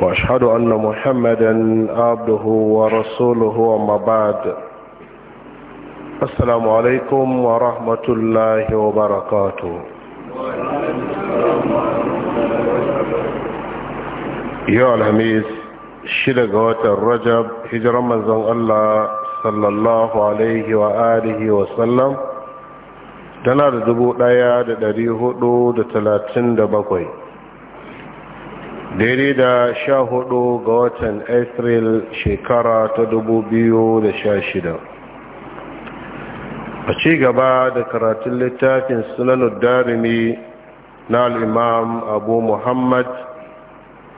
واشهد ان محمدا عبده ورسوله وما بعد السلام عليكم ورحمه الله وبركاته يا الحميد شلق الرجب هجر رمضان الله صلى الله عليه واله وسلم دنا دبو دايا دا دريهو دو daidai da sha hudu ga watan april shekara ta dubu biyu da sha shida a ci gaba da karatun littafin sunanud darimi na al'imam abu muhammad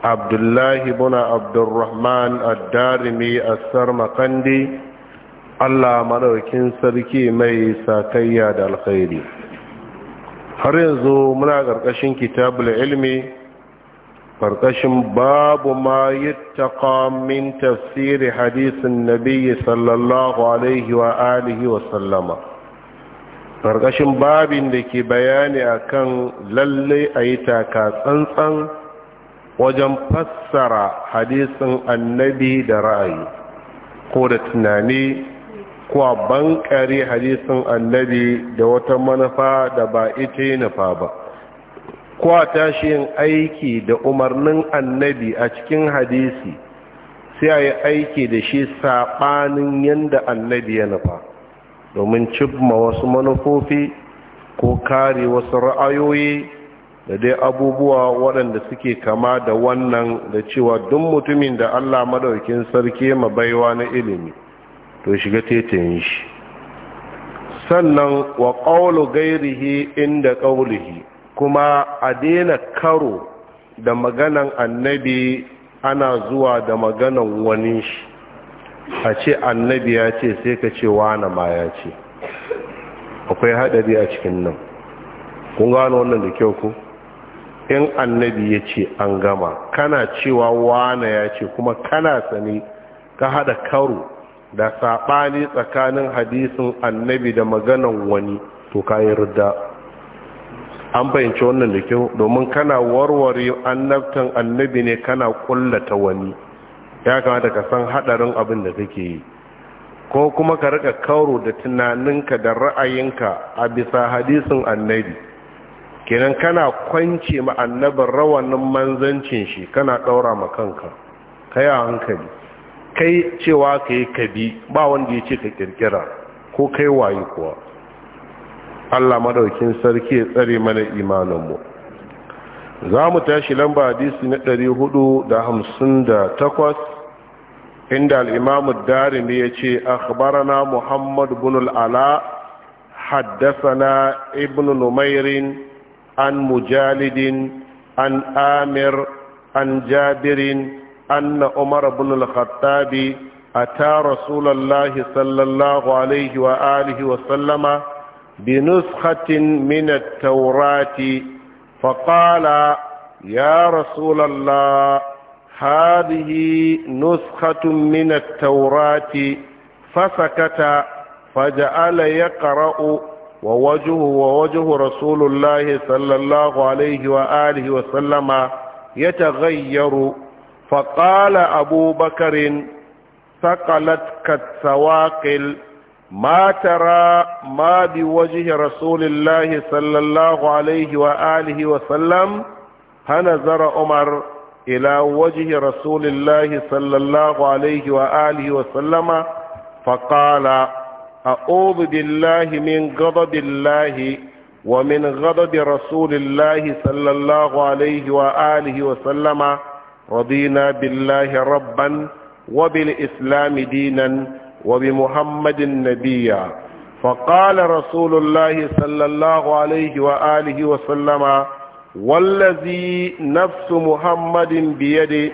abdullahi buna abdurrahman ad-darimi asar makandi allah maɗaukin sarki mai sakayya da alkhairi har yanzu muna ƙarƙashin kitabul ilmi ƙarƙashin babu ma yi min tafsiri hadisin nabi sallallahu alaihi wa alihi wa sallama ƙarƙashin babin da ke bayani akan lalle a yi taka tsantsan wajen fassara hadisin annabi da ra'ayi ko da tunani ko a bankare hadisin annabi da wata manufa da ba ita yi nufa ba kwa tashi yin aiki da umarnin annabi a cikin hadisi sai a yi aiki da shi saɓanin yadda annabi ya nufa domin cibma wasu manufofi ko kare wasu ra'ayoyi da dai abubuwa waɗanda suke kama da wannan da cewa duk mutumin da Allah madaukin sarki ma baiwa na ilimi to shiga tetayen shi sannan wa ƙaulu gairihi inda qawlihi kuma a daina karo da maganan annabi ana zuwa da maganan wani shi a ce annabi ya ce sai ka ce wane ma ya ce akwai haɗari a cikin nan kun gano wannan da kyau ku in annabi ya ce an gama kana cewa wane ya ce kuma kana sani ka haɗa karo da saɓani tsakanin hadisin annabi da maganan wani to ka yi rudda an fahimci wannan da kyau domin kana warware annabtan annabi ne kana ta wani ya kamata ka san hadarin abin da kake yi ko kuma ka rika kauro da tunaninka da ra'ayinka a bisa hadisin annabi kenan kana kwance ma annabin rawanin manzancin shi kana daura ma kanka kai a hankali kai cewa kai kabi ba wanda ya ce ka kirkira ko kai waye kuwa Allah madaukin sarki ya tsare mana imaninmu za mu tashi lamba hadisi na 458 inda al'imamu darimi ya ce akhbarana muhammad bin al'ala haddasana ibn numairin an mujalidin an amir an jabirin أن عمر بن a أتى رسول sallallahu alaihi الله عليه wa sallama. بنسخة من التوراة فقال يا رسول الله هذه نسخة من التوراة فسكت فجعل يقرأ ووجهه ووجه رسول الله صلى الله عليه وآله وسلم يتغير فقال أبو بكر ثقلتك السواقل ما ترى ما بوجه رسول الله صلى الله عليه وآله وسلم فنظر عمر إلى وجه رسول الله صلى الله عليه وآله وسلم فقال أعوذ بالله من غضب الله ومن غضب رسول الله صلى الله عليه وآله وسلم رضينا بالله ربا وبالإسلام دينا وبمحمد نبيا فقال رسول الله صلى الله عليه وآله وسلم والذي نفس محمد بيده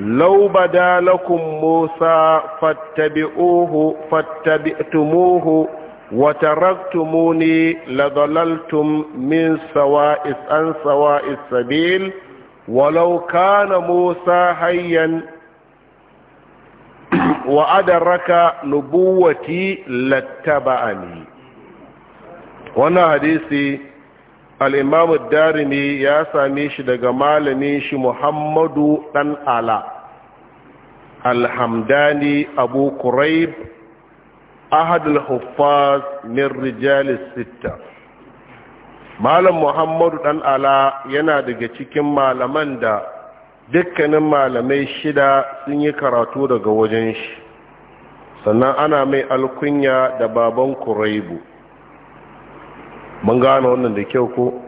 لو بدا لكم موسى فاتبعوه فاتبعتموه وتركتموني لضللتم من سواء عن سواء السبيل ولو كان موسى حيا wa adaraka nubuwati lattaba'ani wannan hadisi al'imamu darimi ya same shi daga malamin shi muhammadu dan ala alhamdani abu kuraib ahadul huffaz min rijalis sitta malam muhammadu dan ala yana daga cikin malaman da dukkanin malamai shida sun yi karatu daga wajen shi sannan ana mai alkunya da baban kuraibu mun gano wannan da kyau ko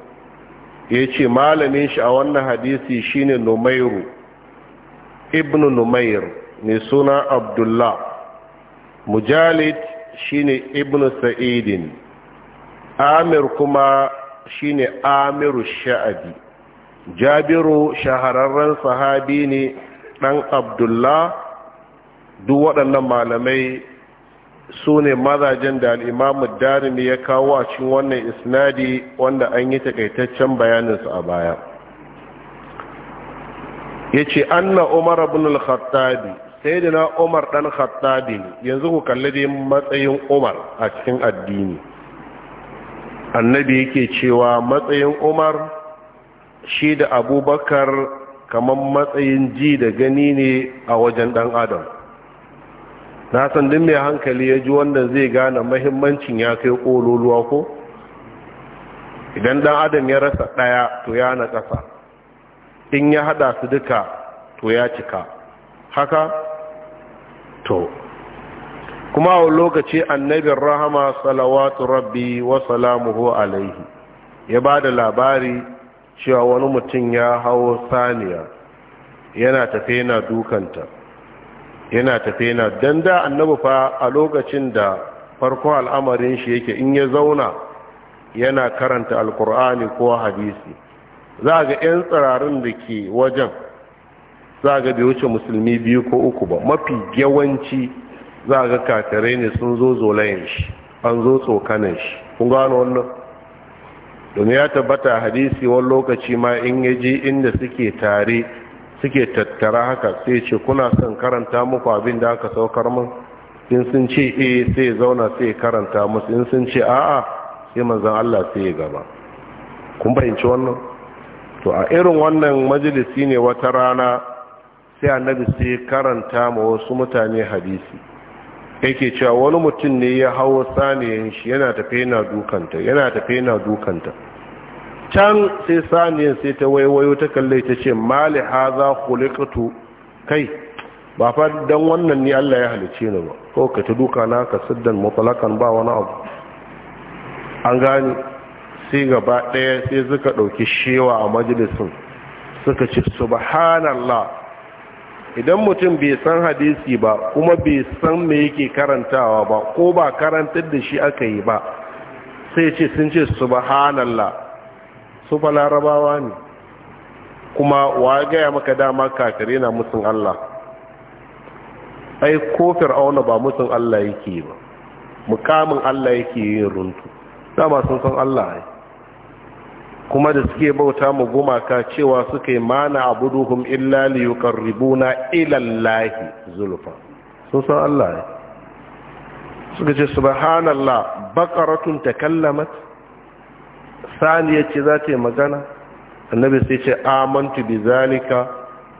ya ce malamin shi a wannan hadisi shine numairu ibn numair mai suna abdullah mujalid shine ibn sa'idin amir kuma shine amiru sha'abi jabiru shahararren sahabi ne ɗan abdullah duk waɗannan malamai su ne mazajen da al'imamu darimi ya kawo a cikin wannan isnadi wanda an yi takaitaccen bayaninsu a baya ya ce anna umar abin khattabi sai da na umar ɗan khattabi yanzu ku kalli dai matsayin umar a cikin addini annabi yake cewa matsayin umar shi da abubakar kamar matsayin ji da gani ne a wajen ɗan adam na san duk mai hankali ya ji wanda zai gane mahimmancin ya kai ƙololuwa ko idan ɗan adam ya rasa ɗaya to ya na ƙasa in ya haɗa su duka to ya cika haka to kuma a lokaci annabin rahama salawatu rabbi wa salamuhu alaihi ya ba da labari cewa wani mutum ya hawo saniya yana tafe na dukanta yana tafe na don da annabi fa a lokacin da farko al'amarin shi yake in ya zauna yana karanta alkur'ani ko hadisi za ga 'yan tsirarin da ke wajen za ga bai wuce musulmi biyu ko uku ba mafi yawanci za ga kakare ne sun zo zolayen shi an zo tsokanan shi kun gano wannan domin ya tabbata hadisi wani lokaci ma in ya ji inda suke tare suke tattara haka sai ce kuna son karanta muku abin da aka saukar mun in sun ce eh sai zauna sai karanta musu in sun ce a'a sai manzon Allah sai ya gaba kun fahimci wannan to a irin wannan majalisi ne wata rana sai annabi sai karanta ma wasu mutane hadisi yake cewa wani mutum ne ya hawo saniyan shi yana tafe yana dukanta yana tafe yana dukanta can sai saniyar sai ta waiwayo ta kalle ta ce mali haza khuliqtu kai ba fa dan wannan ni Allah ya halice ni ba ko ka ta duka na ka saddan mutlakan ba wani abu an gani sai gaba ɗaya sai suka ɗauki shewa a majalisin suka ce subhanallah idan mutum bai san hadisi ba kuma bai san me yake karantawa ba ko ba karantar da shi aka yi ba sai ce sun ce subhanallah su fa larabawa ne kuma wa gaya maka dama kakare na mutum Allah ai ko fir'auna ba mutum Allah yake ba mukamin Allah yake yin runtu dama sun san Allah ai kuma da suke bauta mu gumaka cewa suke mana abuduhum illa li yuqarribuna ila Allah zulfa sun san Allah ai suka ce subhanallah baqaratun takallamat Sani ya ce za ta yi magana annabi sai ce amantu bi zalika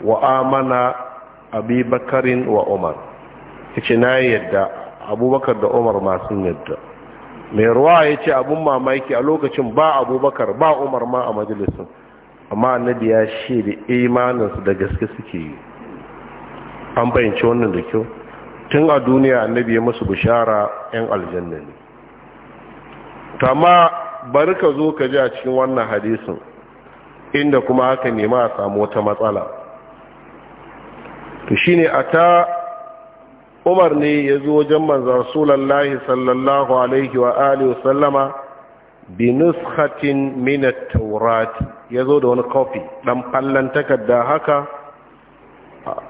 wa amana abi bakarin wa umar ya ce na yadda abubakar da umar masu yadda mai ruwa ya ce abun mamaki a lokacin ba abubakar ba umar ma a majalisun amma annabi ya shaida imaninsu da gaske suke yi an bayyance wannan da kyau tun a duniya annabi ya musu bishara 'yan aljanna ne ma. bari ka zo ka ji a cikin wannan hadisin inda kuma aka nema a samu wata matsala to shine ta Umar ne ya zo wajen manzo Rasulullahi sallallahu alaihi wa alihi sallama bi nuskhatin min taurat ya zo da wani kofi dan fallan takarda haka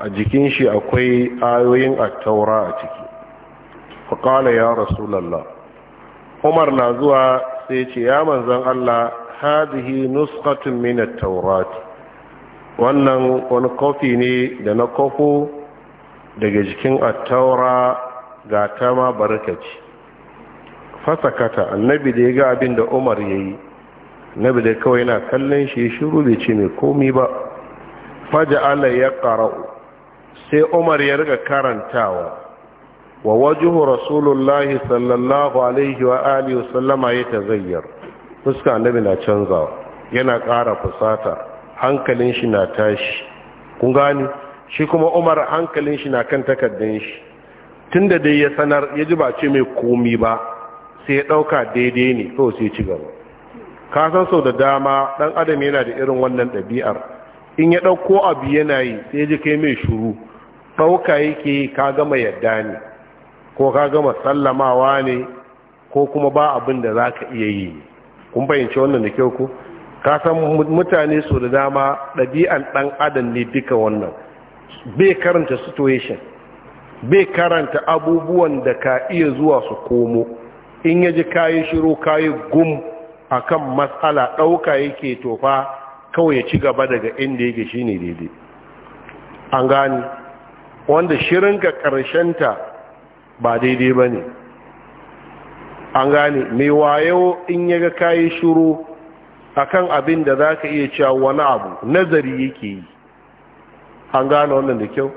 a jikin shi akwai ayoyin at a ciki fa qala ya Rasulullah Umar na zuwa sai ce ya manzan Allah hadihi nuskatun min at-taurat wannan wani kofi ne da na kofo daga jikin at-taura ga ta ma barkaci fasakata annabi da ya ga abin da Umar yayi nabi da kawai yana kallon shi shiru bai ce mai komi ba faja'ala ya qara'u sai Umar ya riga karantawa wa wajuhu الله sallallahu alaihi عليه واله وسلم ya فسكا النبي لا na canzawa yana ƙara fusata hankalin shi na tashi kun gani shi kuma umar hankalin shi na kan takardun shi tunda dai ya sanar ya ji ba ce mai komi ba sai ya ɗauka daidai ne to sai ci gaba ka san sau da dama Dan adam yana da irin wannan ɗabi'ar in ya ɗauko abu yana yi sai ya ji kai mai shuru ɗauka yake ka gama yadda ne ko ka gama sallamawa ne ko kuma ba abin da za ka iya yi kun bayyance wannan da kyau ku ka san mutane su da dama ɗabi'an ɗan adam ne duka wannan bai karanta situation bai karanta abubuwan da ka iya zuwa su komo in yaji kayi shiru kayi gum a kan matsala ɗauka yake tofa kawai ya ci gaba daga inda yake shine daidai an gani wanda shirinka ta ba daidai ba ne an gane mai wayo in yaga kayi shuru akan abin da za ka iya cewa wani abu nazari yake yi an gane wannan da kyau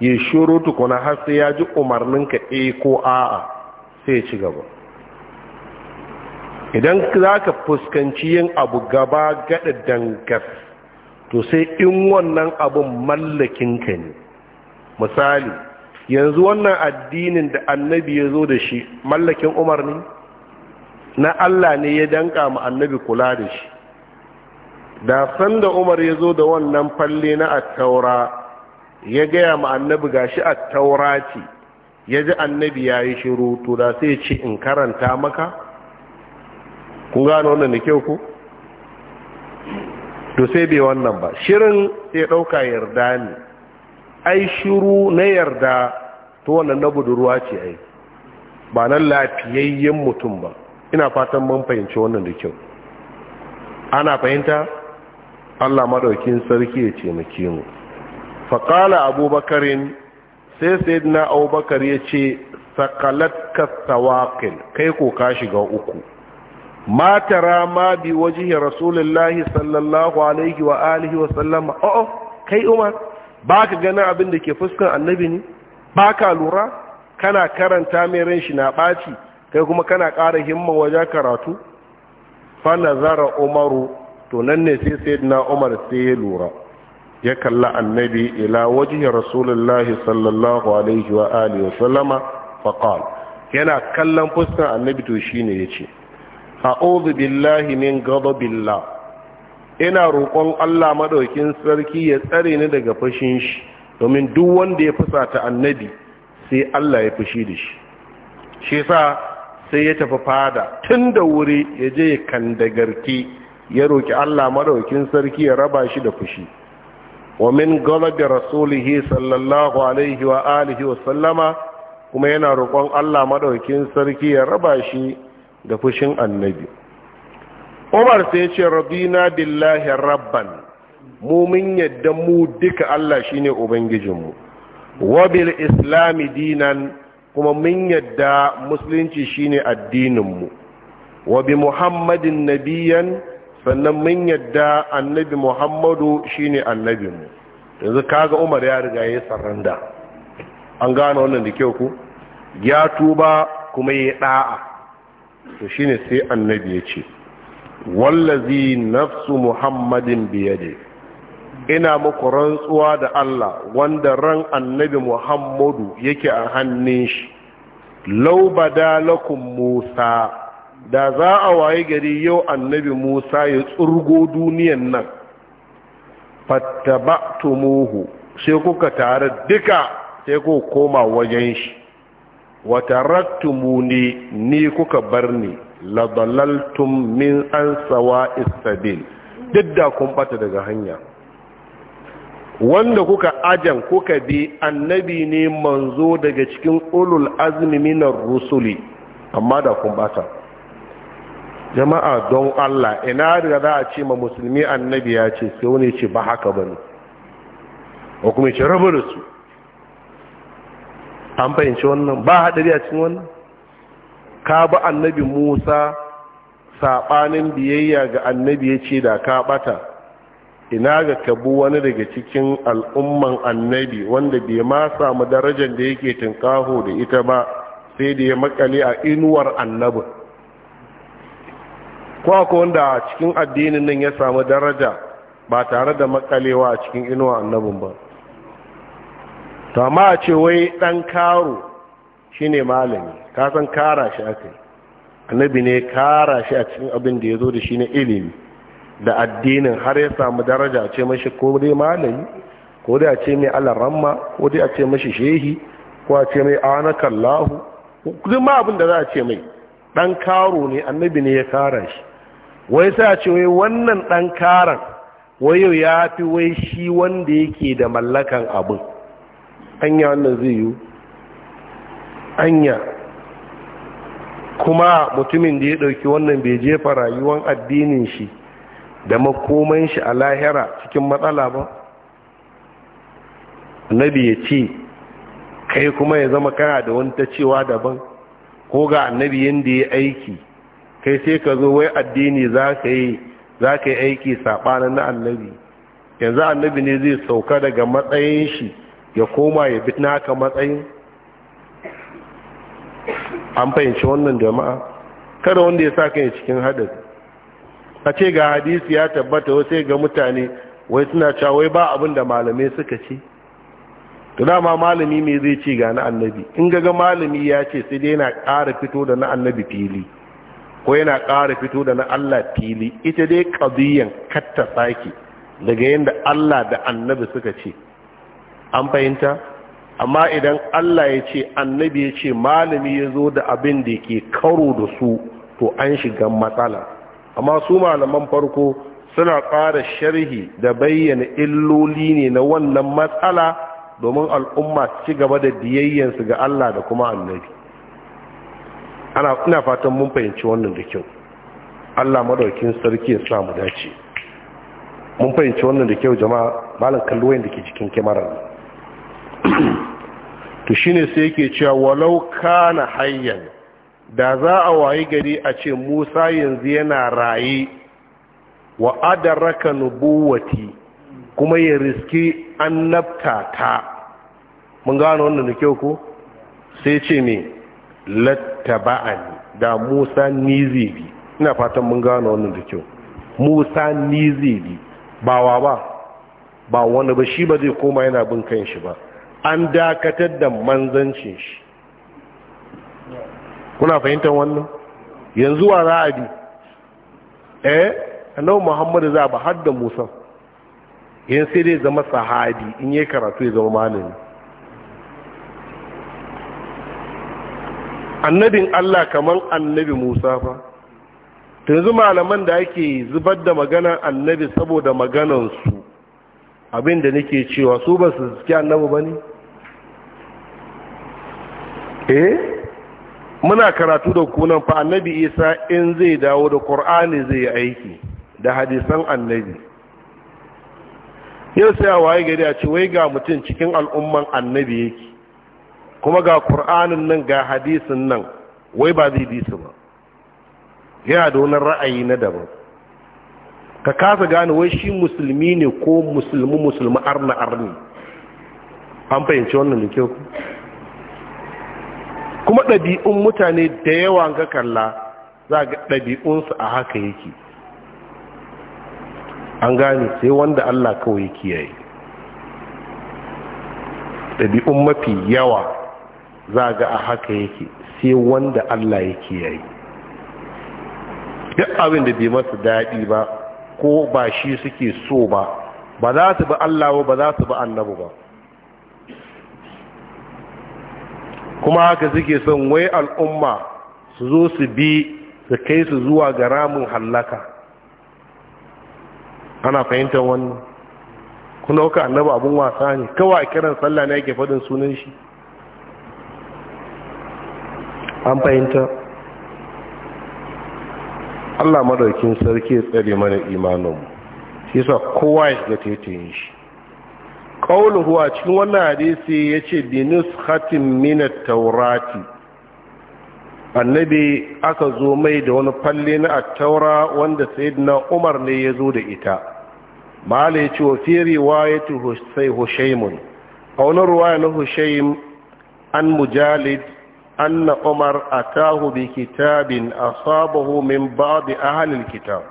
ya shuru tukuna har sai ya ji umarninka a eh ko a'a sai ci gaba idan za ka fuskanci yin abu gaba gada dangas to sai in wannan abun mallakinka ne misali yanzu wannan addinin da annabi ya zo da shi mallakin umar ne na allah ne ya danka ma annabi kula da shi da sanda umar ya zo da wannan falle na attaura ya gaya ma annabi gashi attaura ce ya ji annabi ya yi shiru to da sai ce in karanta maka kun gano wannan da kyau ku to sai bai wannan ba shirin sai ɗauka yarda ne ai shiru na yarda to wannan na budurwa ce ai ba nan lafiyayyen mutum ba ina fatan mun fahimci wannan da kyau ana fahimta Allah madaukin sarki ya ce muke mu faqala abubakarin sai sayyidina abubakar ya ce sakalatka sawaqil kai ko ka shiga uku ma tara ma bi wajhi rasulullahi sallallahu alaihi wa alihi wa sallama oh, oh, kai umar ba ka ganin abin da ke fuskan annabi ne ba ka lura kana karanta mai ran shi na ɓaci kai kuma kana ƙara himma wajen karatu Fana zara umaru to nan ne sai sai na umar sai ya lura ya kalla annabi ila wajhi rasulullahi sallallahu alaihi wa alihi wa sallama yana kallon fuskan annabi to shine yace a'udhu billahi min ghadabillah ina roƙon Allah maɗaukin sarki ya tsare ni daga fashin shi domin duk wanda ya fusa ta annabi sai Allah ya fushi da shi shi sa sai ya tafi fada tun da wuri ya je ya kandagarki ya roƙi Allah maɗaukin sarki ya raba shi da fushi wa min galabi rasulihi sallallahu alaihi wa alihi wa sallama kuma yana roƙon Allah maɗaukin sarki ya raba shi da fushin annabi umar sai ya ce rabina billahi rabban mu mun yadda mu duka Allah shine ubangijinmu wa bil islami dinan kuma mun yadda musulunci shine addininmu wa bi muhammadin nabiyan sannan mun yadda annabi muhammadu shine annabinmu yanzu kaga umar ya riga ya saranda an gano wannan da kyau ku ya tuba kuma ya da'a to shine sai annabi ya ce wallazi nafsu muhammadin biyade ina muku rantsuwa da Allah wanda ran annabi muhammadu yake a hannun shi lau bada musa da za a waye gari yau annabi musa ya tsurgo duniyan nan fattaba'tumuhu sai kuka tare duka sai ku koma wajen shi tarattumuni ni kuka barni. labalaltum min an sawa istabil duk da kun bata daga hanya wanda kuka ajan kuka bi annabi ne manzo daga cikin ulul azmi minar rusuli amma da kun bata jama'a don Allah ina da za a ce ma musulmi annabi ya ce sai wani ce ba haka ba ne. kuma ce rabu da su an fahimci wannan ba haɗari a cikin wannan ka bi annabi musa saɓanin biyayya ga annabi ya ce da ka ɓata ina ga kabu wani daga cikin al'umman annabi wanda bai ma samu darajar da yake tunƙaho da ita ba sai da ya makale a inuwar annabin kwako wanda a cikin addinin nan ya samu daraja ba tare da makalewa a cikin inuwar annabin ba ta ma ce wai ɗan karo shine malami ka san kara shi aka yi annabi ne kara shi a cikin abin da ya zo da shi na ilimi da addinin har ya samu daraja a ce mashi ko dai malami ko dai a ce mai alaramma ko dai a ce mashi shehi ko a ce mai anakallahu kudin ma abin da za a ce mai dan karo ne annabi ne ya kara shi wai sai a ce wai wannan dan karan wai yau ya fi wai shi wanda yake da mallakan abin anya wannan zai yi anya kuma mutumin da ya ɗauki wannan bai jefa rayuwar addinin shi da makoman shi a lahira cikin matsala ba annabi ya ce kai kuma ya zama kana da wani ta cewa daban ko ga annabi yadda ya aiki kai sai ka zo wai addini za ka yi za ka yi aiki saɓanin na annabi yanzu annabi ne zai sauka daga matsayin shi ya koma ya bi naka matsayin an fahimci wannan jama'a kada wanda ya sa kai cikin hadari a ce ga hadisi ya tabbata wai sai ga mutane wai suna cewa wai ba abin da malamai suka ce to dama malami me zai ce ga na annabi in ga malami ya ce sai dai yana ƙara fito da na annabi fili ko yana ƙara fito da na Allah fili ita dai qadiyan katta saki daga yanda Allah da annabi suka ce an fahimta amma idan Allah ya ce annabi ya ce malami ya zo da abin da ke karo da su to an shiga matsala amma su malaman farko suna ƙara sharhi da bayyana illoli ne na wannan matsala domin al'umma ci gaba da biyayyansu ga Allah da kuma annabi ana ina fatan mun fahimci wannan da kyau Allah madaukin sarki ya sa mu dace mun fahimci wannan da kyau jama'a malam kallo da ke cikin kyamarar to shine sai yake cewa walau kana hayyan da za a wayi gari a ce Musa yanzu yana raye wa adaraka nubuwati kuma ya riski annabta ta mun gano wannan da kyau ko sai ce me lattaba'ani da Musa nizibi ina fatan mun gano wannan da kyau Musa nizibi ba wa ba ba wani ba shi ba zai koma yana bin kan shi ba an dakatar da manzancin shi kuna fahimtar wannan yanzu wa za a bi eh annabi muhammadu za ba har da musa yin sai dai zama sahabi in yi karatu ya zama malami annabin allah kamar annabi musa fa tunzu malaman da ake zubar da maganar annabi saboda maganansu abinda nake cewa su ba su suke annabi ba ne eh muna karatu da kunan fa annabi isa in zai dawo da qur'ani zai yi aiki da hadisan annabi yau sai a waye gari a ce wai ga mutum cikin al'umman annabi yake kuma ga qur'anin nan ga hadisin nan wai ba zai bi su ba yana da wani ra'ayi na daban ka kasa gane wai shi musulmi ne ko musulmi musulmi arna arni an fahimci wannan da kyau kuma ɗabi'un mutane da yawa ga kalla za ga ɗabi'unsu a haka yake an gane sai wanda Allah kawai ya kiyaye ɗabi'un mafi yawa za ga a haka yake sai wanda Allah ya kiyaye duk abin da bai masa daɗi ba ko ba shi suke so ba ba za su bi Allah ba ba za su bi annabu ba kuma haka suke son wai al'umma su zo su bi su kai su zuwa ga ramin hallaka ana fahimtar wani kuna wuka annaba abin wasa ne kawai a kiran sallah ne yake faɗin sunan shi an fahimta Allah madaukin sarki ya tsare mana imaninmu shi sa kowa ya shiga tetayin shi ƙaunuhu a cikin wannan hadisi ya ce binus hatin minar taurati annabi aka zo mai da wani falle na attaura wanda na umar ne ya zo da ita ma'ala ya ce wa fi riwayatu sai hushaimun a wani ruwaya na hushaim an mujalid anna umar atahu bi kitabin asabahu min a halin kitab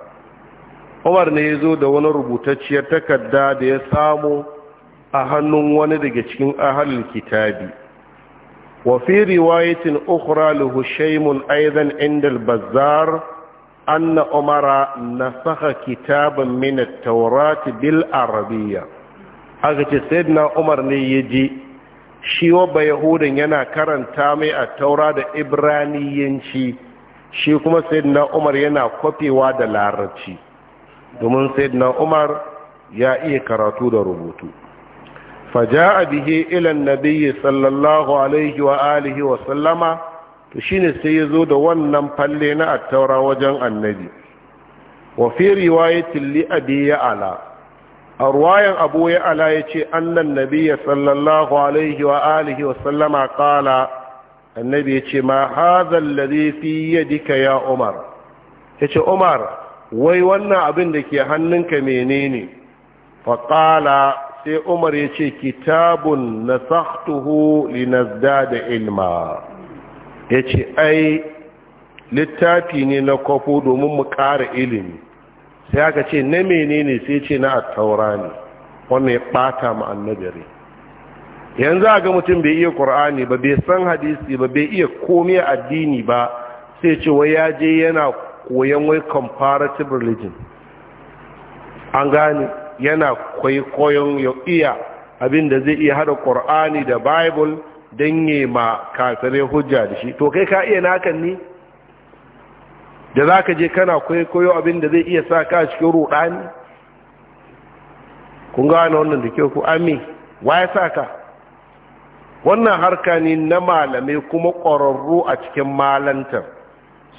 umar ne ya zo da wani rubutacciyar takarda da ya samu a hannun wani daga cikin ahalin kitabi wa fi riwayatin ukhra li hushaymun aidan inda al-bazzar anna umara nasakha kitaban min at-taurat bil arabiyya aka ce sayyidina umar ne yaji shi wa bayahudan yana karanta mai a taura da ibraniyanci shi kuma sayyidina umar yana kwafewa da larabci domin sayyidina umar ya iya karatu da rubutu faja'a bihi ila nabiyyi sallallahu alaihi wa alihi wa sallama to shine sai ya zo da wannan falle na attaura wajen annabi wa fi riwayatin li abi ya'ala a ruwayan abu ya'ala yace annan nabiyyi sallallahu alaihi wa alihi wa sallama qala annabi yace ma hadha alladhi fi yadika ya umar yace umar wai wannan abin da ke hannunka menene faƙala sai umar ya ce kitabun na linazda da ilma ya ce ai littafi ne na kwafo domin mu ƙara ilimi sai aka ce na menene sai ce na attaura ne wanda ya ɓata ma yanzu a ga mutum bai iya ƙur'ani ba bai san hadisi ba bai iya komai addini ba sai ce wai ya je yana koyon wai comparative religion an gane yana kwaikwayon ya iya abin da zai iya hada ƙur'ani da bible don yi ma kasare hujja da shi to kai ka iya nakan ni da za ka je kana kwaikwayo abin da zai iya sa ka cikin ruɗani kun gane wannan da kyau ku ami ya sa ka wannan harka ne na malamai kuma ƙwararru a cikin malantar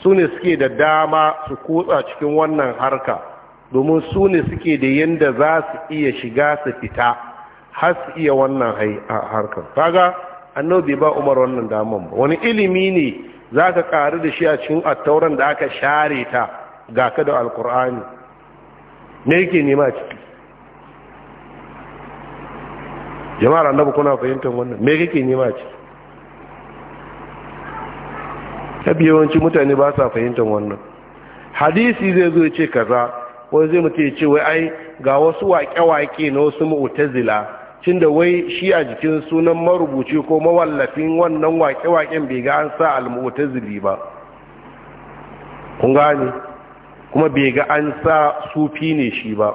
su ne suke da dama su kutsa cikin wannan harka domin su ne suke da yadda za su iya shiga su fita har su iya wannan harkar kaga annabi ba umar wannan daman ba wani ilimi ne za ka ƙari da shi a cikin attauran da aka share ta ga ka da alkur'ani ne yake nema ciki jama'ar annabi kuna fahimtar wannan me yake nema ciki ta biyawanci mutane ba sa fahimtar wannan hadisi zai zo ce kaza ko zai mutu ya ce wai ai ga wasu waƙe-waƙe na wasu mu'tazila cinda wai shi a jikin sunan marubuci ko mawallafin wannan waƙe-waƙen bai ga an sa al-mu'tazili ba kun gane kuma bai ga an sa sufi ne shi ba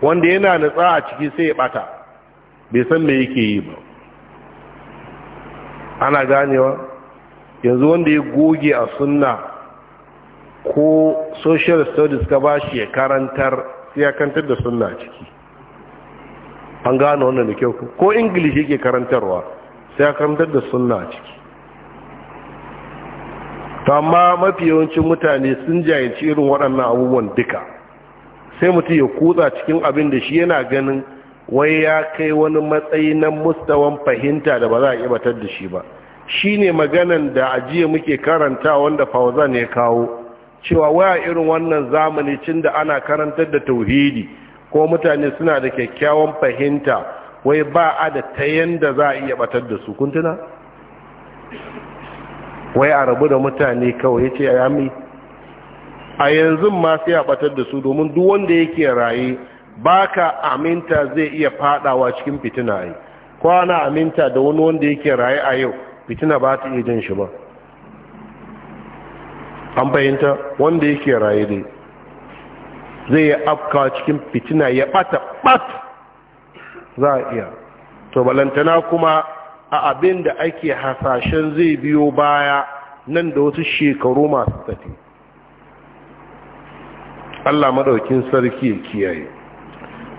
wanda yana nutsa a ciki sai ya bata bai san me yake yi ba ana ganewa yanzu wanda ya goge a sunna ko social studies ka ba shi ya karantar sai ya kantar da suna ciki an gano wannan da kyau ko english yake karantarwa sai ya karantar da sunna ciki amma mafi yawancin mutane sun jayanci irin waɗannan abubuwan duka sai mutum ya kutsa cikin abin da shi yana ganin wai ya kai wani matsayi na mustawan fahimta da ba za a ibatar da shi ba shi ne maganan da ajiye muke karanta wanda fauzan ya kawo cewa waya irin wannan zamani cin da ana karantar da tauhidi ko mutane suna da kyakkyawan fahimta wai ba a da ta yanda za a iya batar da su kuntuna wai a rabu da mutane kawai ya ce a yami a yanzu ma sai batar da su domin duk wanda yake raye baka aminta zai iya fadawa cikin fitina ai kwana aminta da wani wanda yake raye a yau fitina ba ta iya jin shi ba an fahimta wanda yake raye ne zai yi afka cikin fitina ya bata bat za a iya to balantana kuma a abin da ake hasashen zai biyo baya nan da wasu shekaru masu tafi Allah madaukin sarki ya kiyaye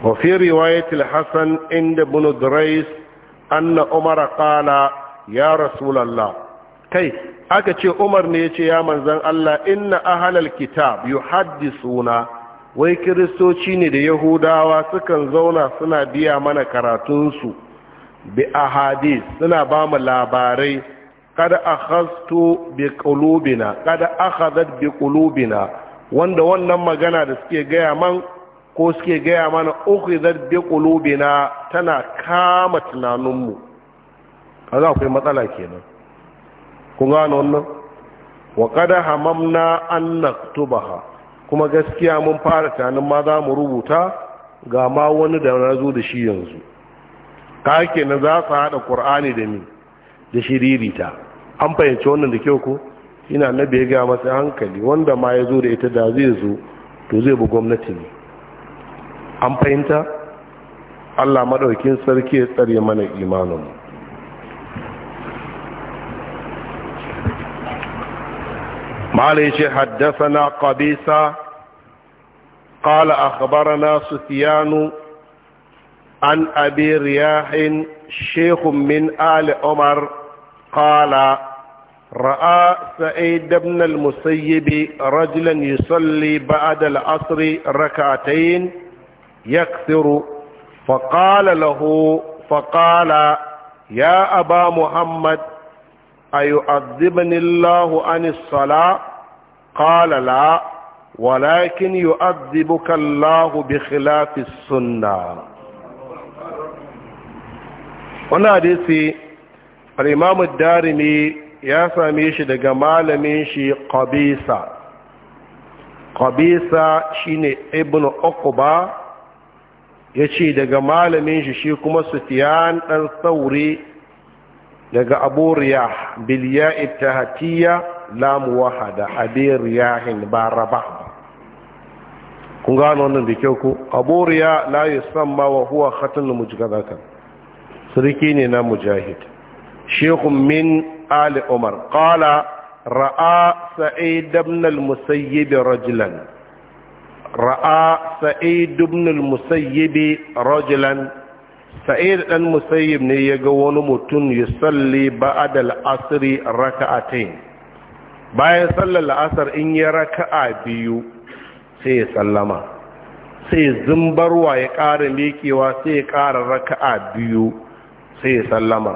wa fi riwayatil hasan inda bunu drais anna umara qala ya rasulullah kai aka ce umar ne ya ce ya manzan Allah inna ahalal kitab suna wai kiristoci ne da yahudawa sukan zauna suna biya mana karatunsu bi ahadis suna ba mu labarai kada akhastu bi qulubina kada akhadat bi qulubina wanda wannan magana da suke gaya man ko suke gaya mana ukhidat bi qulubina tana kama tunaninmu kaza akwai matsala kenan kun gano wannan wa kada hamamna an naktubaha kuma gaskiya mun fara tanin ma za mu rubuta ga ma wani da na zo da shi yanzu ka ke na za su haɗa ƙur'ani da ni da shiririta an fahimci wannan da kyau ko ina na bai ga masa hankali wanda ma ya zo da ita da zai zo to zai bi gwamnati ne an fahimta allah maɗaukin sarki ya tsare mana imaninmu ما حدثنا قبيسة قال أخبرنا سفيان عن أبي رياح شيخ من آل عمر قال رأى سعيد بن المسيب رجلا يصلي بعد العصر ركعتين يكثر فقال له فقال يا أبا محمد A الله عن الصلاة قال لا ولكن يؤذبك الله بخلاف السنة hadisi al'imamu darimi ya same shi daga malamin shi ƙabisa ƙabisa shine ibn okuba ya ce daga malamin shi shi kuma sufiyan ɗan sauri daga abu riyah ita Hatiya lamu wahada abi riyahin ba kun gano wannan da kyau ko abu riya la yusamma wa huwa khatanul mujgadaka sarki ne na mujahid shehu min ali umar qala ra'a sa'id ibn al-musayyib rajulan ra'a sa'id ibn al-musayyib rajulan sa'id dan musayyib ne ya ga wani mutum ya salli raka a raka'atain bayan sallar la'asar in ya raka'a biyu sai ya sallama sai zumbarwa ya ƙara miƙewa sai ya ƙara raka'a biyu sai ya sallama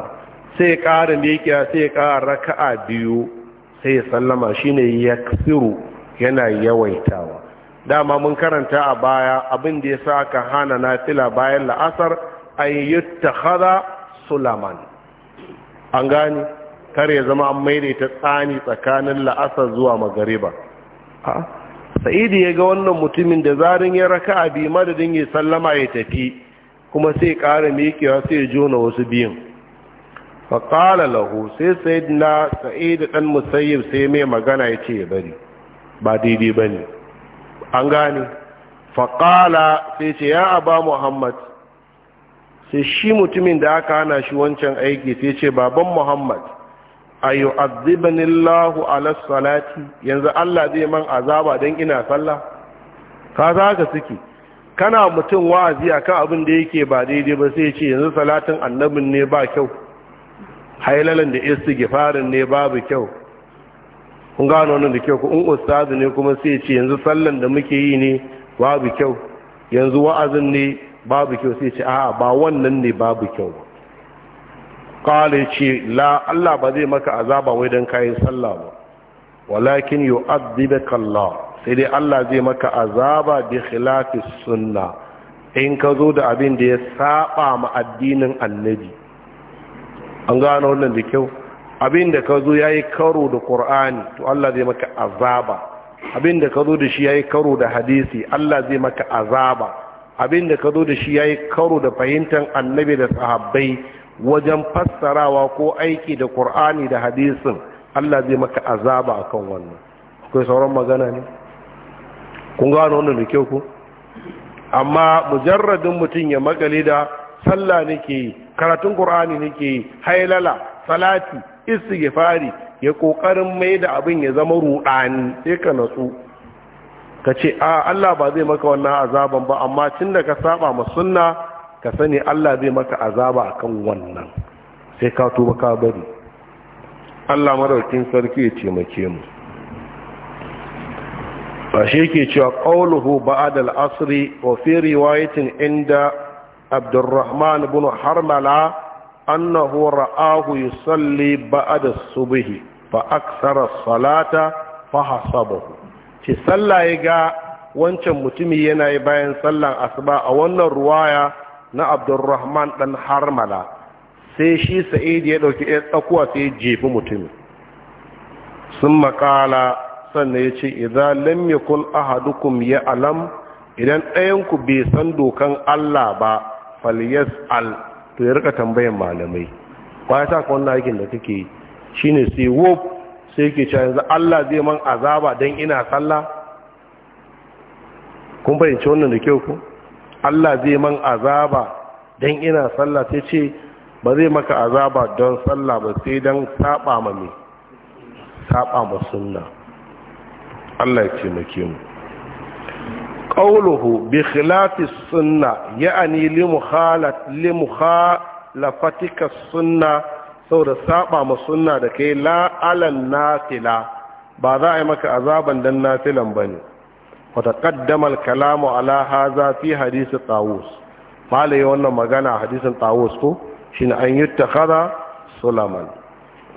sai ya ƙara miƙewa sai ya ƙara raka'a biyu sai ya sallama shine ya yana yawaitawa dama mun karanta a baya abin da ya sa aka hana nafila bayan la'asar ayyuttakhadha sulaman an gani. kar ya zama an ta tsani tsakanin la'asar zuwa magariba a sa'idi ya ga wannan mutumin da zarin ya raka a biyu madadin ya sallama ya tafi kuma sai ƙara mekewa sai ya jona wasu biyun faƙala lahu sai na sa'idu ɗan musayyib sai mai magana ya ce ya bari ba daidai ba ne an gani. faƙala sai ce ya aba muhammad sai shi mutumin da aka hana shi wancan aiki sai ce baban muhammad yi azibanillahu lahu salati yanzu allah zai man azaba don ina sallah ka za ka suke kana mutum wa'azi kan abin da yake ba daidai ba sai ce yanzu salatin annabin ne ba kyau hailalan da gifarin ne babu kyau kun gano nan da kyau ku in ustazi ne kuma sai ce yanzu sallan da muke yi ne babu kyau yanzu wa'azin ne babu kyau sai ce a ba wannan ne babu kyau ba kala ce la Allah ba zai maka azaba wai don kayan sallah ba walakin yu'adhibaka Allah sai dai Allah zai maka azaba bi khilafi sunna in ka zo da abin da ya saba ma addinin annabi an gano wannan da kyau abin da ka zo yayi karo da Qur'ani to Allah zai maka azaba abin da ka zo da shi yayi karo da hadisi Allah zai maka azaba abin da ka zo da shi ya yi karo da fahimtar annabi da sahabbai wajen fassarawa ko aiki da ƙur'ani da hadisin allah zai maka azaba akan wannan akwai sauran magana ne kun gano wannan da kyau ku amma mujarradin mutum ya makale da sallah nake yi karatun qur'ani nake yi hailala salati istighfari ya ƙoƙarin mai da abin ya zama ruɗani, sai ka natsu ka ce a Allah ba zai maka wannan azaban ba amma tun da ka saba ma ka sani Allah zai maka azaba akan wannan sai ka tuba ka bari Allah maraukin sarki ya taimake mu ba shi yake cewa qawluhu ba'da al-asri wa fi riwayatin inda Abdurrahman ibn Harmala annahu ra'ahu yusalli salli as subhi fa aksara as-salata fa hasabahu ce sallah ya ga wancan mutumi yana yi bayan sallan asuba a wannan ruwaya na abdurrahman dan harmala sai shi sa'id ya dauki ya tsakuwa sai ya jefi mutumi sun makala sannan ya ce idan lamikun ahadukum ya alam idan ɗayanku bai san dokan Allah ba falyas al to ya rika tambayan malamai ba ya sa ka aikin da kake yi shine sai wop sai ke cewa yanzu Allah zai man azaba don ina sallah kun fahimci wannan da kyau ku Allah zai man azaba don ina sallah sai ce ba zai maka azaba don sallah ba sai don saba ma mai saba ma sunna Allah ya ce maki mu Ƙauluhu bi khilafi sunna ya'ani limu khalafatika li sunna saboda saba ma sunna da kai la alan nafila ba za a yi maka azaban dan nafilan bane wa taqaddama al-kalamu ala hadha fi hadith tawus malai wannan magana hadisin tawus ko Shin an yuttakhadha sulaman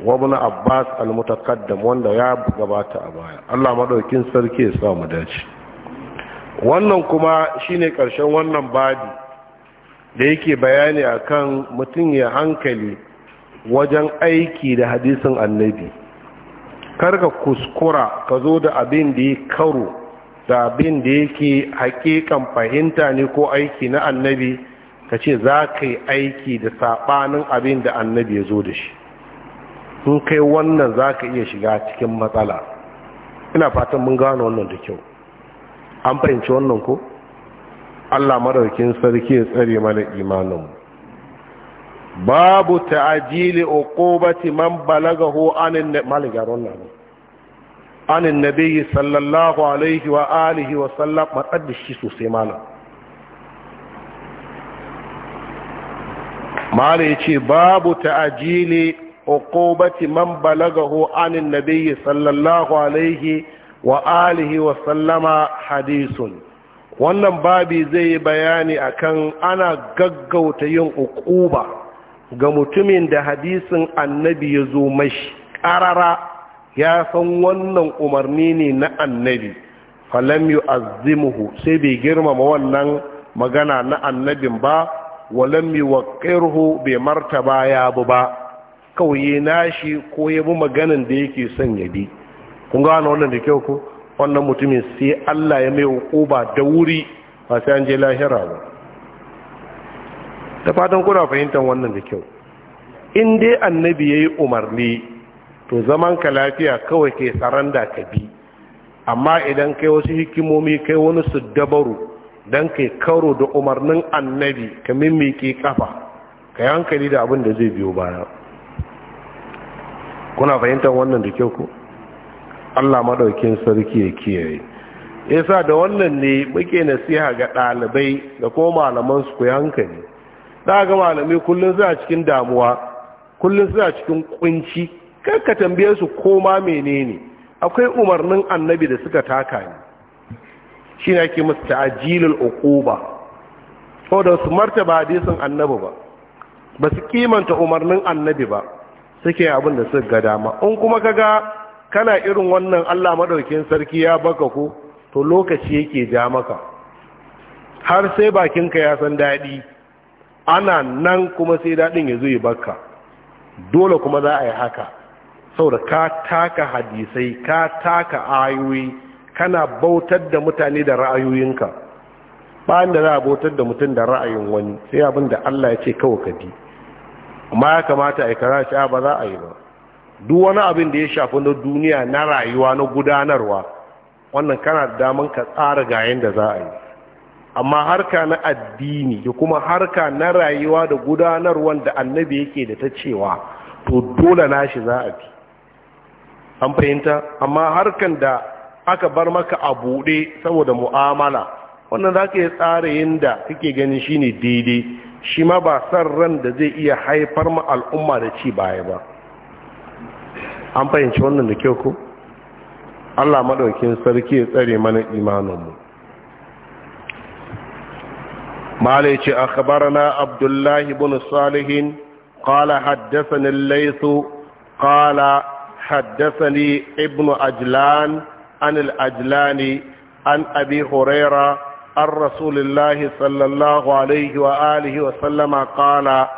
wa ibn abbas al-mutaqaddam wanda ya gabata a baya Allah madaukin sarki ya sa mu dace wannan kuma shine karshen wannan babi da yake bayani akan mutum ya hankali wajen aiki da hadisin annabi kar ka kuskura ka zo da abin da ya karo da abin da yake hakikan fahimta ne ko aiki na annabi ka ce za ka yi aiki da saɓanin abin da annabi ya zo da shi in kai wannan za ka iya shiga cikin matsala ina fatan mun gano wannan da kyau an fahimci wannan ko allah maraukin sarki ya tsare mana imaninmu babu ta'ajili uqubati man balagahu anin maliga ronna anin nabiyyi sallallahu alaihi wa alihi wa sallam matsar da shi sosai mana. malam yace babu ta'ajili uqubati man balagahu anin nabiyyi sallallahu alaihi wa alihi wa sallama hadisun wannan babi zai yi bayani akan ana gaggauta yin uquba ga mutumin da hadisin annabi ya zo mashi ƙarara ya san wannan umarni ne na annabi falam yi azimuhu sai bai girmama wannan magana na annabin ba walam wa ƙirhu bai martaba ya bu ba kawai nashi ko ya bi maganin da yake son ya bi kun gano wannan da kyau ko wannan mutumin sai Allah ya mai hukuba da wuri ba sai an je lahira ba da fatan kuna fahimtar wannan da kyau in dai annabi ya yi umarni to zaman ka lafiya kawai ke saranda ka bi amma idan kai wasu hikimomi kai wani su dabaru don kai karo da umarnin annabi ka mimmike kafa ka yi hankali da abin da zai biyo baya kuna fahimtar wannan da kyau ku allah maɗaukin sarki ya kiyaye yasa da wannan ne muke nasiha ga ɗalibai da kuma malaman su ku hankali za ga malamai kullum suna cikin damuwa kullum suna cikin kunci kar ka tambaye su koma menene akwai umarnin annabi da suka taka ni. shi ne ake musu ta'jilul uquba saboda su martaba hadisin annabi ba ba su kimanta umarnin annabi ba suke abin da suka ga dama in kuma kaga kana irin wannan Allah madaukin sarki ya baka ko to lokaci yake ja maka har sai bakinka ya san daɗi ana nan kuma sai daɗin ya zo ya baka dole kuma za a yi haka saboda ka taka hadisai ka taka ayoyi kana bautar da mutane da ra'ayoyinka bayan da za a bautar da mutum da ra'ayin wani sai abin da Allah ya ce kawai ka bi amma ya kamata a yi kara shi ba za a yi ba duk wani abin da ya shafi na duniya na rayuwa na gudanarwa wannan kana damar ka tsara ga da za a yi amma harka na addini da kuma harka na rayuwa da gudanar da annabi yake da ta cewa to dole nashi za a bi an fahimta amma harkan da aka bar maka a buɗe saboda mu'amala wannan za ka yi tsara yadda kake ganin ne daidai shi ma ba san ran da zai iya haifar ma al'umma da ci baya ba an fahimci wannan da kyau ko allah maɗaukin sarki ya tsare mana imaninmu mala yace akhbarana abdullahi ibn Salihin, qala haddasani Laisu, layth haddasani haddathani ibn ajlan an al-ajlani an abi huraira an rasulillahi sallallahu alaihi wa wa sallama qala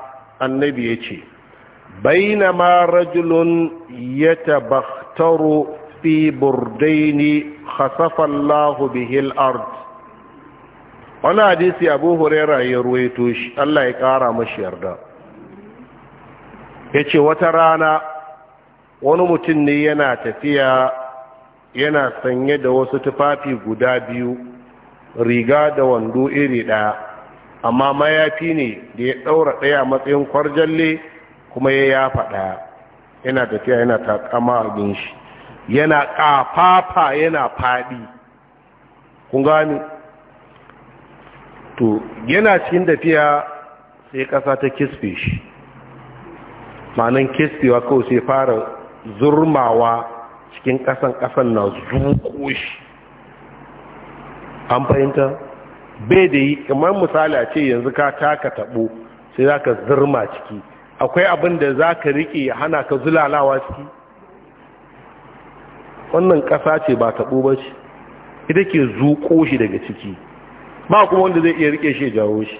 annabi yace بينما رجل يتبختر في بردين خسف الله به الأرض wani hadisi abu huraira ya ruwaito shi Allah ya kara mashi yarda ya ce wata rana wani mutum ne yana tafiya yana sanye da wasu tufafi guda biyu riga da wando iri ɗaya amma mayafi ne da ya ɗaura ɗaya matsayin kwarjalle kuma ya yafa ɗaya yana tafiya yana takama abin shi yana ƙafafa yana faɗi kun gani to yana cikin tafiya sai kasa ta kisfe shi manan kisfewa kawai sai fara zurmawa cikin ƙasan ƙasan na zuko shi an fahimta bai da yi kamar misali a ce yanzu ka taka taɓo sai za ka zurma ciki akwai abin da za ka riƙe hana ka zulalawa ciki wannan ƙasa ce ba taɓo ba ce ita ke zuko shi daga ciki ba kuma wanda zai iya rike shi jawo shi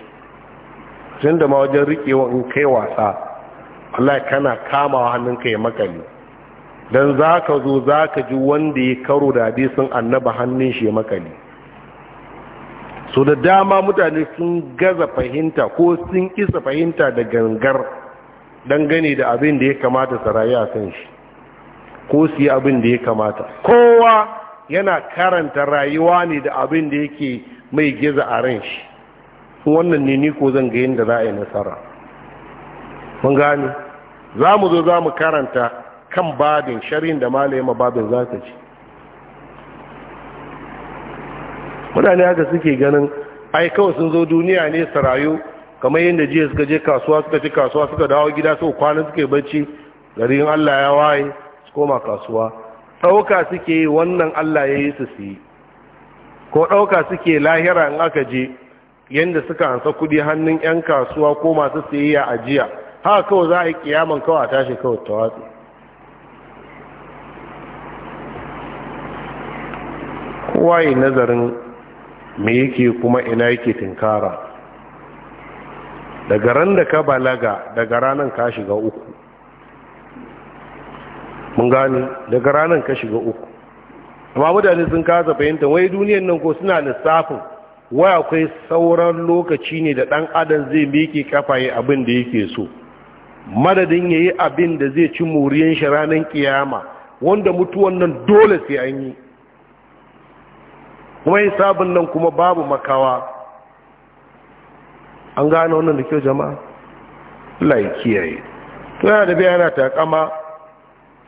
tun da ma wajen rikewa in kai wasa Allah kana kamawa hannunka ya makale don za ka zo za ka ji wanda ya karo da hadisin annaba hannun shi ya makale so da dama mutane sun gaza fahimta ko sun isa fahimta da gangar dangane da abin da ya kamata su rayu a kan shi ko su yi abin da ya kamata kowa yana karanta rayuwa ne da abin da yake mai giza a ran shi wannan ne ni ko zan ga yadda za a yi nasara mun gane za mu zo za mu karanta kan babin shari'in da ma babin za ta ci mutane haka suke ganin ai kawai sun zo duniya ne su rayu kamar yadda jiya suka je kasuwa suka ci kasuwa suka dawo gida sau kwanan suke bacci garin allah ya waye su koma kasuwa ɗauka suke yi wannan allah ya yi su su yi ko ɗauka suke lahira in aka je yadda suka hansa kuɗi hannun 'yan kasuwa ko masu sayayya a jiya haka kawai za a yi kiyaman kawai a tashi kawai ta watsi kowa yi nazarin me yake kuma ina yake tinkara daga ran da ka balaga daga ranar ka shiga uku mun gani daga ranar ka shiga uku amma mutane sun kasa fahimta wai duniyan nan ko suna lissafin wai akwai sauran lokaci ne da dan adam zai miƙe kafa ya abin da yake so madadin ya yi abin da zai ci muriyan shi ranar kiyama wanda mutuwan nan dole sai an yi kuma sabon nan kuma babu makawa an gane wannan da kyau jama'a Allah kiyaye da biya yana takama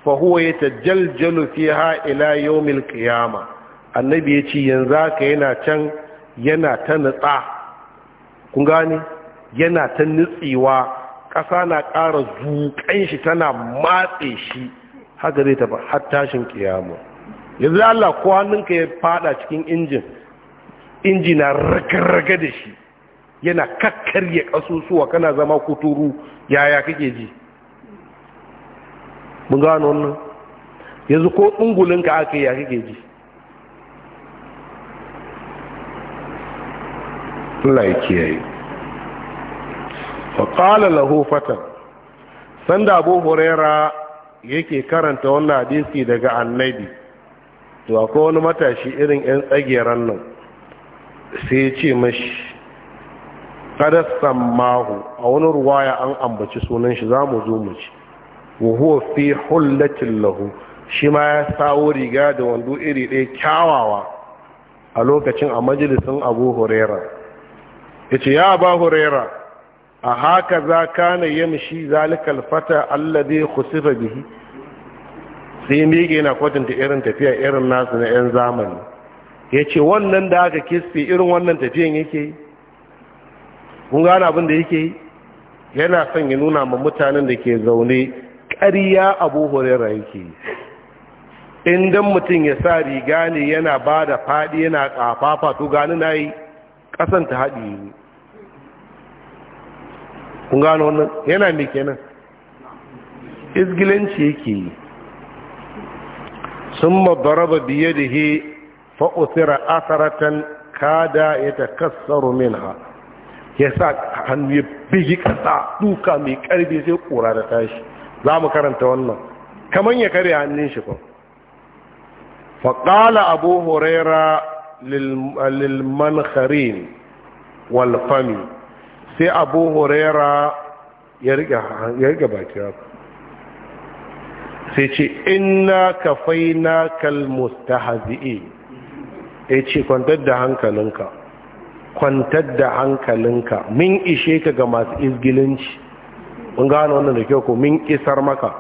fa huwa yatajaljalu fiha ila yawmil qiyama annabi yace yanzu haka yana can yana ta nutsa kun yana ta nutsewa ƙasa na ƙara zuƙan shi tana matse shi haka zai taɓa hattashin tashin kiyama yanzu Allah ko hannunka ya fada cikin injin inji na ragarraga da shi yana kakkarye ƙasusuwa kana zama kuturu yaya kake ji mun gano wannan yanzu ko ungulunka aka yi ya kake ji Allah ya kiyaye qala lahu fatan sanda abu huraira yake karanta wannan hadisi daga annabi to akwai wani matashi irin 'yan tsageren nan sai ya ce mashi kada sammahu a wani ruwaya an ambaci sunan shi za mu zo mu ci wa huwa fi hullatin lahu shi ma ya sawo riga da wando iri ɗaya kyawawa a lokacin a majalisun abu hurera, ya ce ya ba huraira a haka za ka na yamshi zalikal fata allazi khusifa bihi sai miƙe yana kwatanta irin tafiya irin nasu na 'yan zamani ya ce wannan da aka kisfe irin wannan tafiyan yake yi kun gane abin da yake yi yana son ya nuna ma mutanen da ke zaune ƙarya abu hurera yake inda mutum ya sa riga ne yana ba da faɗi yana ƙafafa to gani na yi ƙasan ta haɗi ne kun gano wannan yana mai kenan izgilanci yake yi sun mabaraba biye da he fa'usira asaratan kada ya ta kassaro ha, ya sa hannu ya bigi ƙasa duka mai ƙarfi sai ƙura da tashi za mu karanta wannan kamar ya kare hannun shi ba faƙala abu huraira lilmanharin walfami sai abu huraira ya rike baki haka sai ce ina kafai na kalmusta hazi'i ya ce kwantar da hankalinka kwantar da hankalinka min ishe ka ga masu izgilinci mun gano wannan da kyau ko min isar maka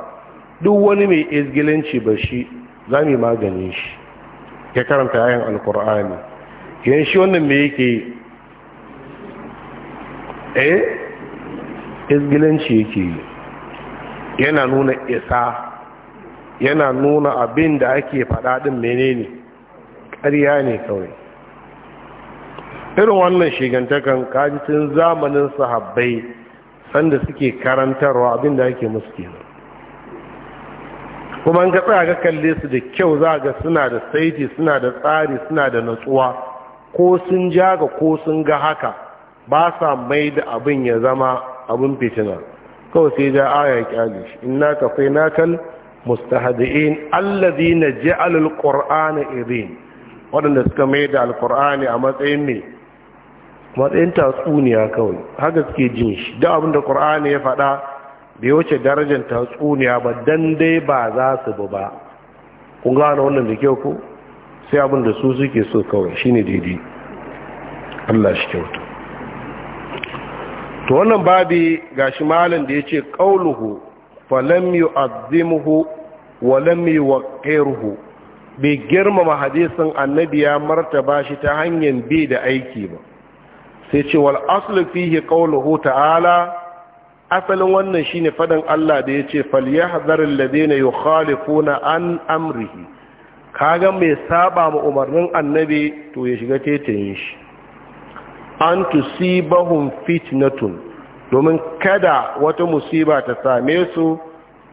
duk wani mai izgilinci ba shi za mu yi magani shi ya karanta ayan alkur'ani yan shi wannan me yake yi eh yake yi yana nuna isa yana nuna abin da ake faɗa ɗin menene ƙarya ne kawai irin wannan shigantakan kajitin zamanin sahabbai sanda suke karantarwa abinda ake musu kenan kuma an gatsa ga kalle su da kyau za ga suna da saiti suna da tsari suna da natsuwa ko sun ja ga ko sun ga haka ba sa mai da abin ya zama abin fitina kawai sai ja aya kyali shi inna ka sai na kal mustahadi'in alladhina ja'alul qur'ana irin. wadanda suka mai da alqur'ani a matsayin mai matsayin tatsuniya kawai haka suke jin shi da abin da ƙur'ani ya faɗa bai wuce darajar tatsuniya ba dan dai ba za su bu ba kun gane wannan da kyau ko sai abin da su suke so kawai shine daidai Allah shi kyauta to wannan babi gashi malam da yace qauluhu falam yu'azzimuhu wa lam bai girmama hadisin annabi ya martaba shi ta hanyar bi da aiki ba sai ce wal asli fihi qawluhu ta'ala asalin wannan shine fadan Allah da yace falyahdhar alladhina yukhalifuna an amrihi kaga mai saba ma umarnin annabi to ya shiga tetayen shi an tusibahum fitnatun domin kada wata musiba ta same su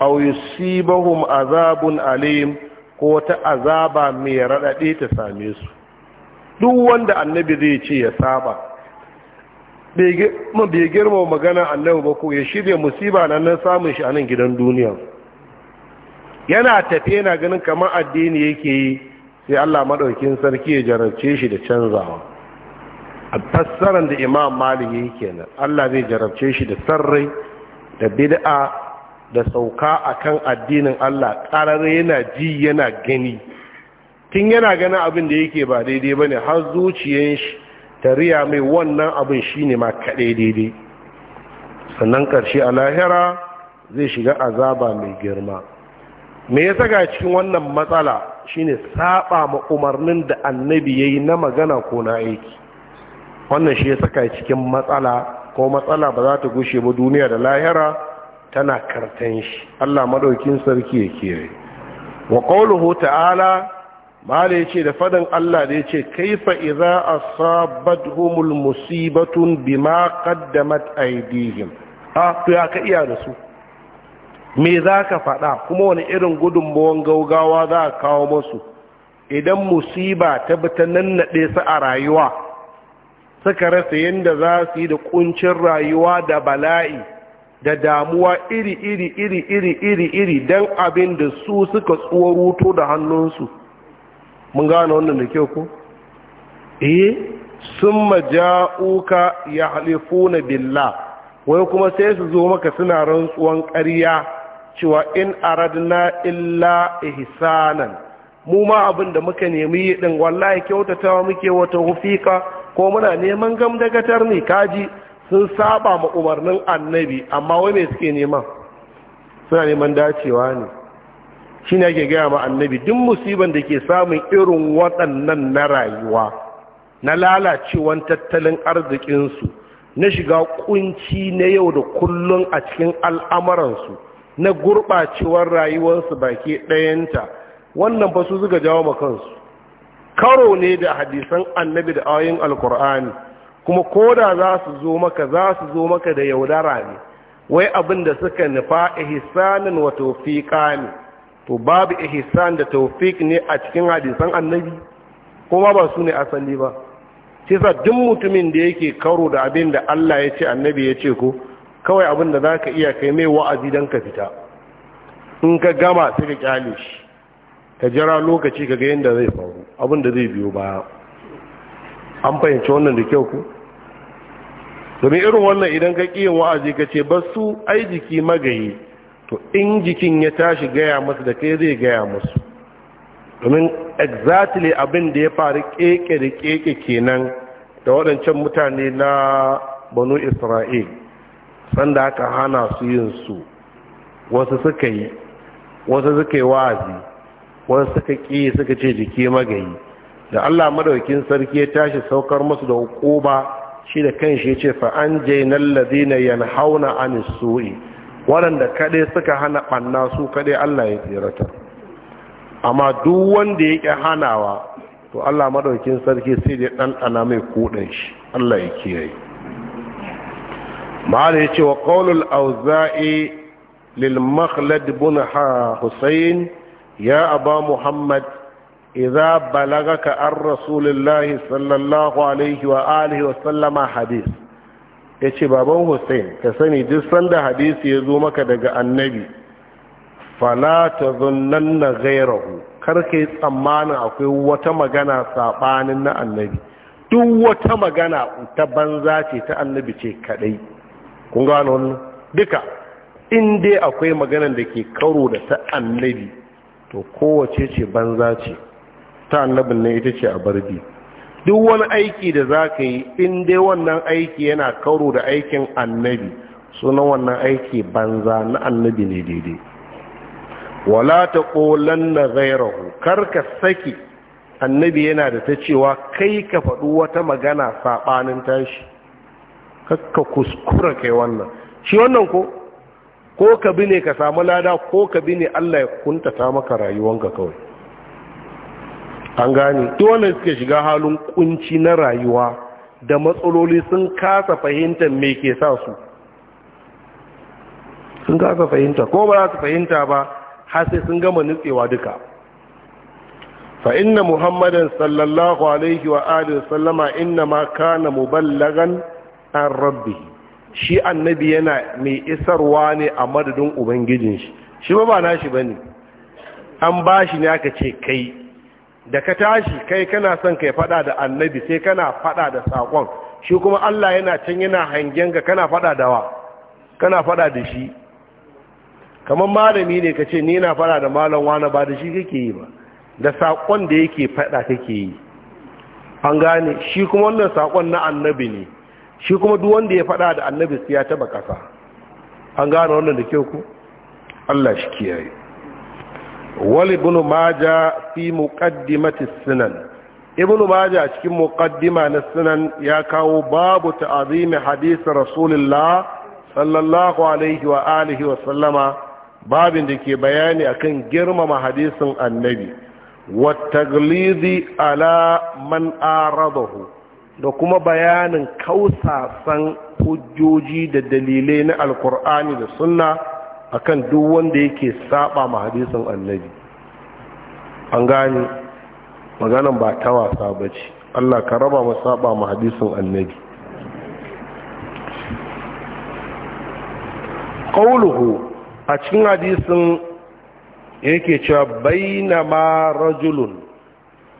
aw yusibahum azabun alim ko wata azaba mai radade ta same su duk wanda annabi zai ce ya saba bai girma magana annabi ba ko ya shirya musiba na nan samun shi a nan gidan duniya yana tafi yana ganin kamar addini yake yi sai Allah madaukin sarki ya jarabce shi da canzawa a fassarar da imam malik yi kenan Allah zai jarabce shi da sarrai da bid'a da sauka akan addinin Allah karar yana ji yana gani tun yana ganin abin da yake ba daidai bane har zuciyar tariya mai wannan abin shine ma kaɗai daidai sannan ƙarshe a lahira zai shiga azaba mai girma me ya saka cikin wannan matsala shine saba ma umarnin da annabi ya yi na magana ko na aiki wannan shi ya saka cikin matsala ko matsala ba za ta gushe ba duniya da lahira tana kartan shi Allah maɗaukin sarki ya kiyaye wa qawluhu ta'ala mala yace da fadan Allah da yace kaifa idza asabathumul musibatun bima qaddamat aydihim ah to ya ka iya da su me za ka fada kuma wani irin gudunmawan gaugawa za ka kawo masu idan musiba ta bi ta nannaɗe su a rayuwa suka rasa yadda za su yi da kuncin rayuwa da bala'i da damuwa iri iri iri iri iri iri don abin da su suka tsoro da hannunsu mun gane wannan da kyau ko eh sun maja'uka ya halifuna billa. wai kuma sai su zo maka suna rantsuwan ƙarya cewa in aradna illa ihsanan mu ma abin da muka nemi yi din wallahi kyautatawa muke wata hufika ko muna neman gamdagatar ne kaji sun saba ma umarnin annabi amma wai me suke nema suna neman dacewa ne shi ne ake gaya ma annabi duk musibin da ke samun irin waɗannan na rayuwa na lalacewan tattalin arzikinsu na shiga kunci na yau da kullun a cikin al'amuransu na gurɓacewar rayuwarsu baki ɗayanta wannan ba su suka jawo makansu karo ne da hadisan annabi da ayoyin alkur'ani kuma koda za su zo maka za su zo maka da yaudara ne wai abin da suka nufa ihsanin wa tawfiqa ne to babu ihsan da tawfik ne a cikin hadisan annabi kuma ba su ne asali ba shi sa duk mutumin da yake karo da abin da Allah ya ce annabi ya ce ko kawai abin da zaka iya kai mai wa'azi dan ka fita in ka gama sai ka kyale shi ka jira lokaci ka ga yadda zai faru abin da zai biyo baya an fahimci wannan da kyau ko. domin irin wannan idan ka ƙi yin wa'azi ka ce ba su ai jiki magayi to in jikin ya tashi gaya masu da kai zai gaya masu domin exactly abin da ya faru keke da keke kenan da waɗancan mutane na banu isra'il sanda aka hana su yin su wasu suka yi wasu suka yi wa'azi wasu suka ƙi suka ce jiki magayi da allah maɗaukin sarki ya tashi saukar masu da hukuba shi da kanshi ya ce fa'an jainal yana na anis su'i waɗanda kaɗai suka hana ɓanna su kaɗai Allah ya tsirata amma duk wanda ya ƙi hanawa to Allah maɗaukin sarki sai da ɗanɗana mai kuɗin shi Allah ya kiyaye ma'ala ya ce wa ƙaunar auza'i lil makhlad bin husayn ya aba muhammad idza balagaka an rasulullahi sallallahu alaihi wa alihi wa sallama hadith ya ce baban hussein ka sani duk sanda hadisi ya zo maka daga annabi fala ta zunnan na gairahu karka yi tsammanin akwai wata magana saɓanin na annabi duk wata magana ta banza ce ta annabi ce kaɗai kun gano wannan duka in dai akwai maganan da ke karo da ta annabi to kowace ce banza ce ta annabin ne ita ce a barbi duk wani aiki da za ka yi in dai wannan aiki yana karo da aikin annabi sunan wannan aiki banza na annabi ne daidai wala ta ƙolan na zairahu karka saki annabi yana da ta cewa kai ka faɗi wata magana saɓanin tashi kakka kuskura kai wannan shi wannan ko ko ka bi ne ka samu lada ko ka bi ne allah ya kuntata maka rayuwanka kawai an gane duk wanda suke shiga halin kunci na rayuwa da matsaloli sun kasa fahimtar me ke sa su sun kasa fahimta ko ba za su fahimta ba har sai sun gama nutsewa duka fa inna muhammadan sallallahu alaihi wa alihi sallama inna ma kana muballagan an rabbi shi annabi yana mai isarwa ne a madadin ubangijin shi shi ba ba nashi bane an bashi ne aka ce kai da ka tashi kai kana son kai fada da annabi sai kana fada da sakon shi kuma Allah yana can yana hangen ga kana fada da wa kana fada da shi kamar malami ne kace ni na fada da malam wani ba da shi kake yi ba da sakon da yake fada kake yi an gane shi kuma wannan sakon na annabi ne shi kuma duk wanda ya fada da annabi sai ya taba kasa an gane wannan da kyau ku Allah shi kiyaye Wali ibnu maja fi muqaddimati sunan ibnu maja cikin muqaddima na sunan ya kawo babu ta'zimi hadisi rasulullah sallallahu alaihi wa alihi wa sallama babin da ke bayani akan girmama hadisin annabi wa taglidi ala man aradahu da kuma bayanin kausasan hujjoji da dalilai na alkur'ani da sunna akan duk wanda yake saba ma hadisin annabi an gane maganan ba ta wasa bace Allah ka raba mu saba ma hadisin annabi qawluhu a cikin hadisin yake cewa bainama rajulun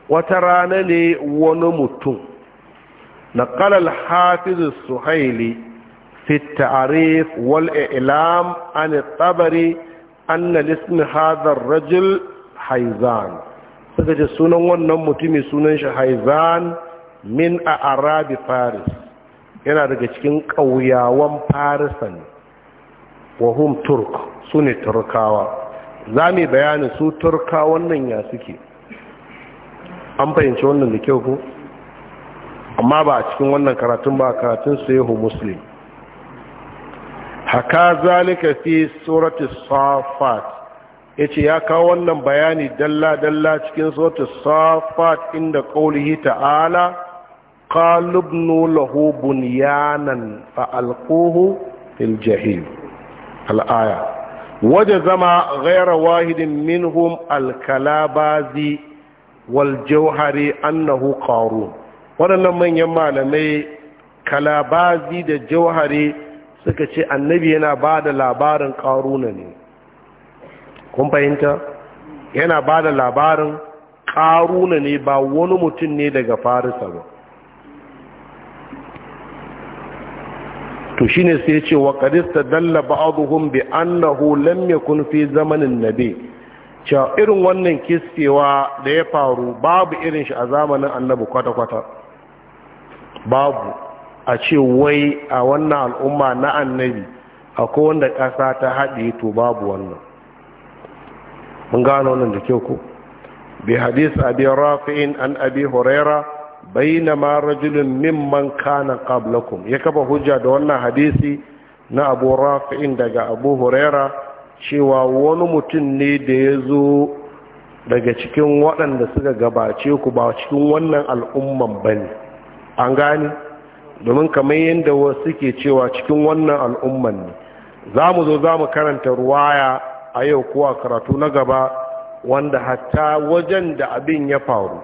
wata rana ne wani mutum na kalal Hafizu suhaili في التعريف والإعلام عن الطبري أن الاسم هذا الرجل sunan سكت سنة ونم متمي سنة حيزان من أعراب فارس yana daga cikin ƙauyawan farisa ne turk su ne turkawa za mu bayanin su turka wannan ya suke an fahimci wannan da kyau ko amma ba a cikin wannan karatun ba karatun su yahu muslim haka zalika fi suratul safat yace ya kawo wannan bayani dalla dalla cikin suratul safat inda qaulihi ta'ala qalubnu lahu bunyanan fa alquhu fil jahim al-aya وجزم minhum al-kalabazi wal jawhari annahu qarun wannan manyan malamai kalabazi da jauhari suka ce annabi yana ba da labarin ƙaruna ne kun fahimta yana ba da labarin ƙaruna ne ba wani mutum ne daga farisa ba to shine sai ya ce wa qadista dalla ba'dhum bi annahu lam yakun fi zamanin nabi cewa irin wannan kiskewa da ya faru babu irin shi a zamanin annabi kwata kwata babu a ce wai a wannan al'umma na annabi a wanda ƙasa ta haɗe to babu wannan mun gano wannan da kyau ko bi hadis abi rafi'in an abi huraira bainama rajulun mimman kana qablakum ya kafa hujja da wannan hadisi na abu rafi'in daga abu huraira cewa wani mutum ne da ya zo daga cikin waɗanda suka gabace ku ba cikin wannan al'umman bane ne an gane domin kamar yadda wasu ke cewa cikin wannan al'umman ne za mu zo za mu karanta ruwaya a yau kuwa karatu na gaba wanda hatta wajen da abin ya faru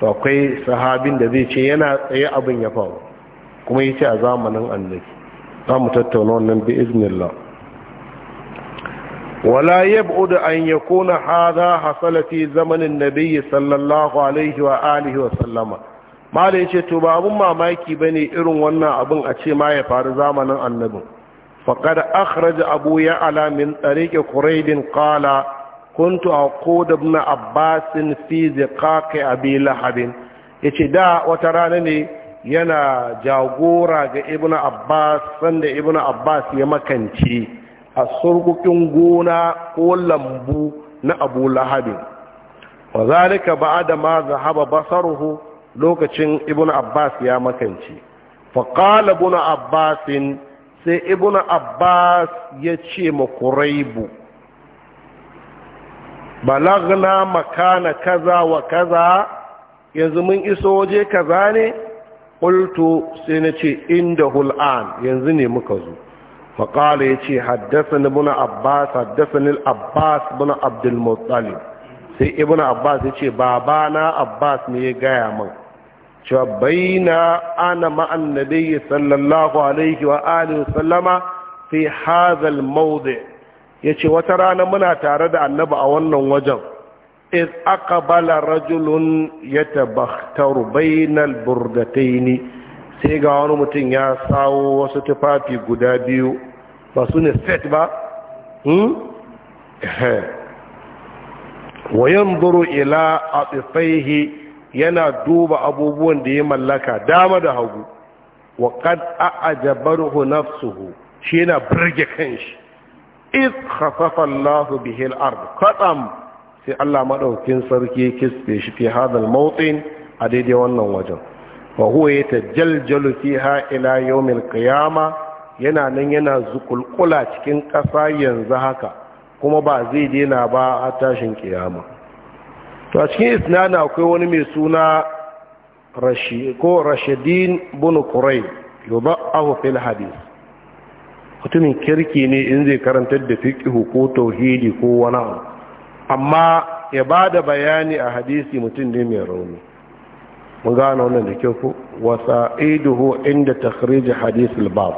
to akwai sahabin da zai ce yana tsaye abin ya faru kuma ya ce a zamanin annabi za mu tattauna wannan bi iznillah ولا an أن يكون هذا حصل zamanin زمن sallallahu alaihi wa alihi wa sallama malai ce to ba abun mamaki bane irin wannan abun a ce ma ya faru zamanin annabin faqad akhraj abu ya ala min tariqi quraidin qala kuntu aqud ibn abbas fi ziqaq abi lahab yace da wata rana ne yana jagora ga ibn abbas sanda ibn abbas ya makance a surgukin gona ko lambu na abu lahab wa zalika ba'da ma zahaba basaruhu lokacin ibn abbas ya makance faƙala ibn abbasin sai ibn abbas ya ce ma balagna makana kaza wa kaza yanzu mun iso waje kaza ne qultu sai na ce inda hul'an yanzu ne muka zo faƙala ya ce haddasa ibn abbas haddasa abbas ibn abdul muttalib sai ibn abbas ya ce babana abbas ne ya gaya man, cewa baina ana ma'an ya sallallahu alaihi wa alihi sallama fi hazal mawdi ce wata rana muna tare da annabi a wannan wajen iz aqbala rajulun yatabaktaru bainal burdatayn sai ga wani mutum ya sawo wasu tufafi guda biyu ba su ne set ba hmm? wa yanzuru ila atifaihi yana duba abubuwan da ya mallaka dama da hagu wa qad a'jabahu nafsuhu shi yana burge kanshi iz khasafa Allahu bihi al-ard qatam sai Allah maɗaukin sarki kisbe shi fi hadal motsin a daidai wannan wajen wa huwa yatajaljalu fiha ila yawm al yana nan yana zukulkula cikin ƙasa yanzu haka kuma ba zai dina ba a tashin kiyama to a cikin isnana akwai wani mai suna ko rashidin bunu kurai yoba abu fil hadis mutumin kirki ne in zai karantar da fiƙihu ko tauhidi ko wani amma ya ba da bayani a hadisi mutum ne mai rauni mun gano wannan da kyau ko wasa iduhu inda takhrij hadis al-bab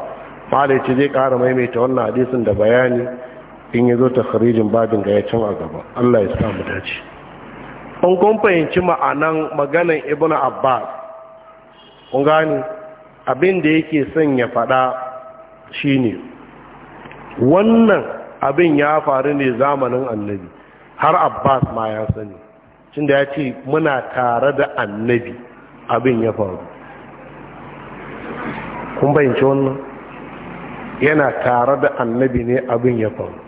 malai zai ƙara maimaita wannan hadisin da bayani in ya zo ta kharijin babin ga ya can a gaba Allah ya sa mu dace kun kun fahimci ma'anan maganan Ibn abbas kun gani abin da yake son ya faɗa shine wannan abin ya faru ne zamanin annabi har abbas ma ya sani da ya ce muna tare da annabi abin ya faru kun fahimci wannan yana tare da annabi ne abin ya faru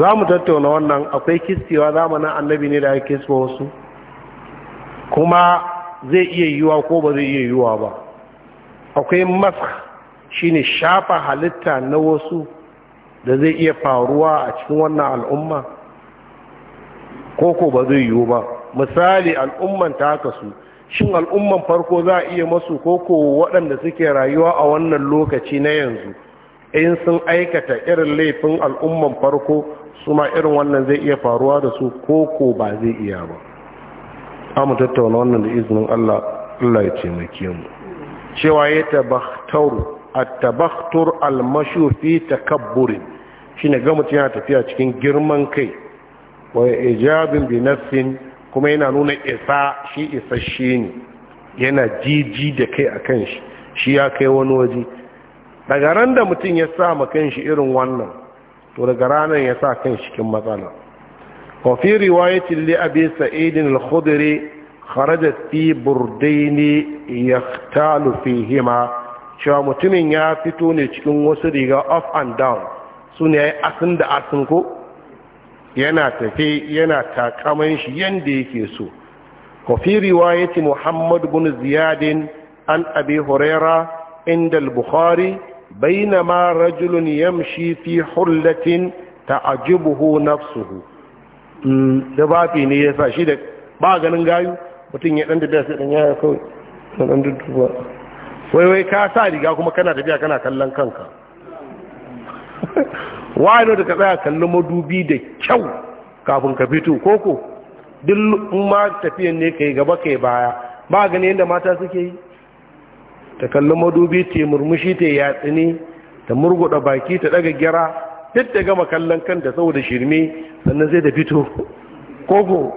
za mu tattauna wannan akwai kistewa zamanin annabi ne da ya kiswa wasu kuma zai iya yiwuwa ko ba zai iya yiwuwa ba akwai mask shi ne shafa halitta na wasu da zai iya faruwa a cikin wannan al'umma ko ko ba zai yiwu ba misali al'umman ta haka su shin al'umman farko za a iya masu koko waɗanda suke rayuwa a wannan lokaci na yanzu in sun aikata irin laifin al'umman farko su ma irin wannan zai iya faruwa da su ko ko ba zai iya ba amma tattauna wannan da izinin Allah Allah ya mai mu cewa ya tabbatar a tabbatar al fi takabbur shine ga mutum yana tafiya cikin girman kai wa ijabin bi kuma yana nuna isa shi isa shi ne yana jiji da kai kan shi shi ya kai wani waje daga ran da mutum ya sa ma kanshi irin wannan to daga ranar ya sa kan cikin matsala وفي li'abi لأبي سعيد الخدري خرج في بردين يختال فيهما cewa mutumin ya fito ne cikin wasu riga up and down su ne asin da asin ko yana tafe yana takaman shi yadda yake so kofi riwayati muhammad bin ziyadin an abi huraira inda al-bukhari bainama rajulun yamshi fi hullatin ta'ajibuhu nafsuhu da ne ya sa shi da ba gayu mutum ya dan da sai dan yaya kawai وي dan duduwa wai wai ka sa riga kuma kana tafiya kana kallon kanka wani da ka tsaya kallon madubi da kyau kafin ka fito koko duk ma tafiyan ne kai gaba kai baya ba gani yadda mata suke yi ta kalli madubi ta yi murmushi ta yatsi ne ta murguda baki ta ɗaga gira duk da gama kallon kanta saboda shirme sannan zai da fito koko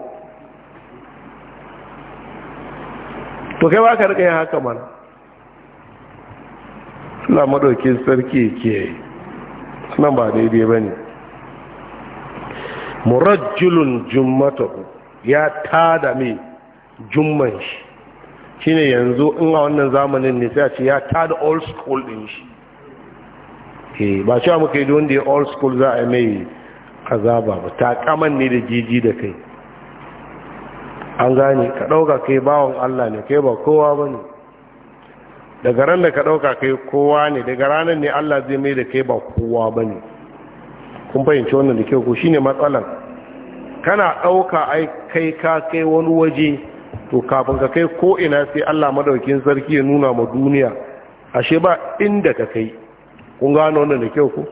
to kai ba ka rika yin haka mana suna madaukin sarki kiyaye nan ba daidai ba ne murajjulun jummatu ya tada mai jumman shi shine yanzu in a wannan zamanin ne sai a ce ya tada old school din shi ke eh, ba cewa muka yi da ya old school za a mai azaba ba ta kaman ne da jiji da kai an gane ka dauka kai bawon Allah ne kai ba kowa ba ne. daga ran da ka dauka kai kowa ne daga ranar ne Allah zai mai da kai ba kowa ba ne. kun fahimci wannan da kyau ko shine matsalan kana dauka ai kai ka kai wani waje to kafin ka kai ko ina sai Allah madaukin sarki ya nuna ma duniya ashe ba inda ka kai kun gano wannan da kyau ko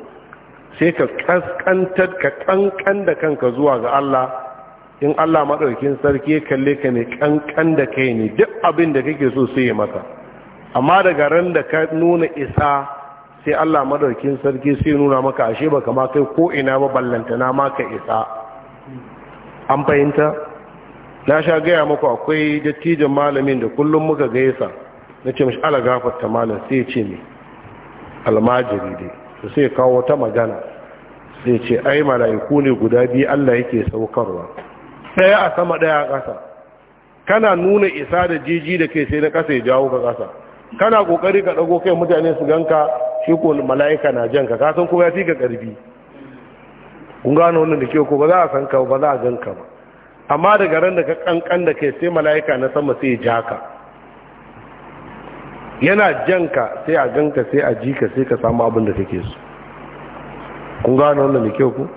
sai ka kaskantar ka kankan da kanka zuwa ga Allah in Allah madaukin sarki ya kalle ka ne kankan da kai ne duk abin da kake so sai ya maka amma daga ran da ka nuna isa sai Allah madaukin sarki sai ya nuna maka ashe ba kama kai ko ina ba ballantana maka isa an fahimta na sha gaya muku akwai dattijan malamin da kullum muka gaisa na ce mashi ala gafarta malam sai ce ne almajiri dai su sai kawo ta magana sai ce ai mala'iku ne guda biyu allah yake saukarwa ɗaya a sama ɗaya a ƙasa kana nuna isa da jiji da kai sai na ƙasa ya jawo ka ƙasa kana ƙoƙari ka ɗago kai mutane su ganka shi ko mala'ika na janka ka san kowa ya fi ka ƙarfi kun gano wannan da ke ko ba za a san ka ba za a gan ka ba amma daga ran da ka kankan da ke sai mala'ika na sama sai ja ka yana janka sai a ganka sai a ji ka sai ka samu abin da kake so kun gano wannan ne kyau ku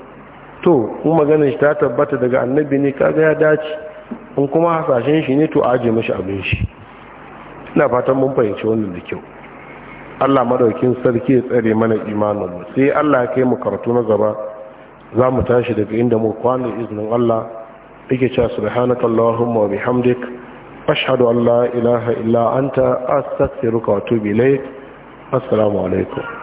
to kun maganin shi ta tabbata daga annabi ne kaga ya dace in kuma hasashen shi ne to aje mashi abin shi ina fatan mun fahimci wannan da kyau Allah madaukin sarki ya tsare mana imanin mu sai Allah ya kai mu karatu na gaba za mu tashi daga inda mu kwana izinin Allah ake cewa subhanaka allahumma wa bihamdik ashhadu an la ilaha illa anta astaghfiruka wa atubu ilayk assalamu alaikum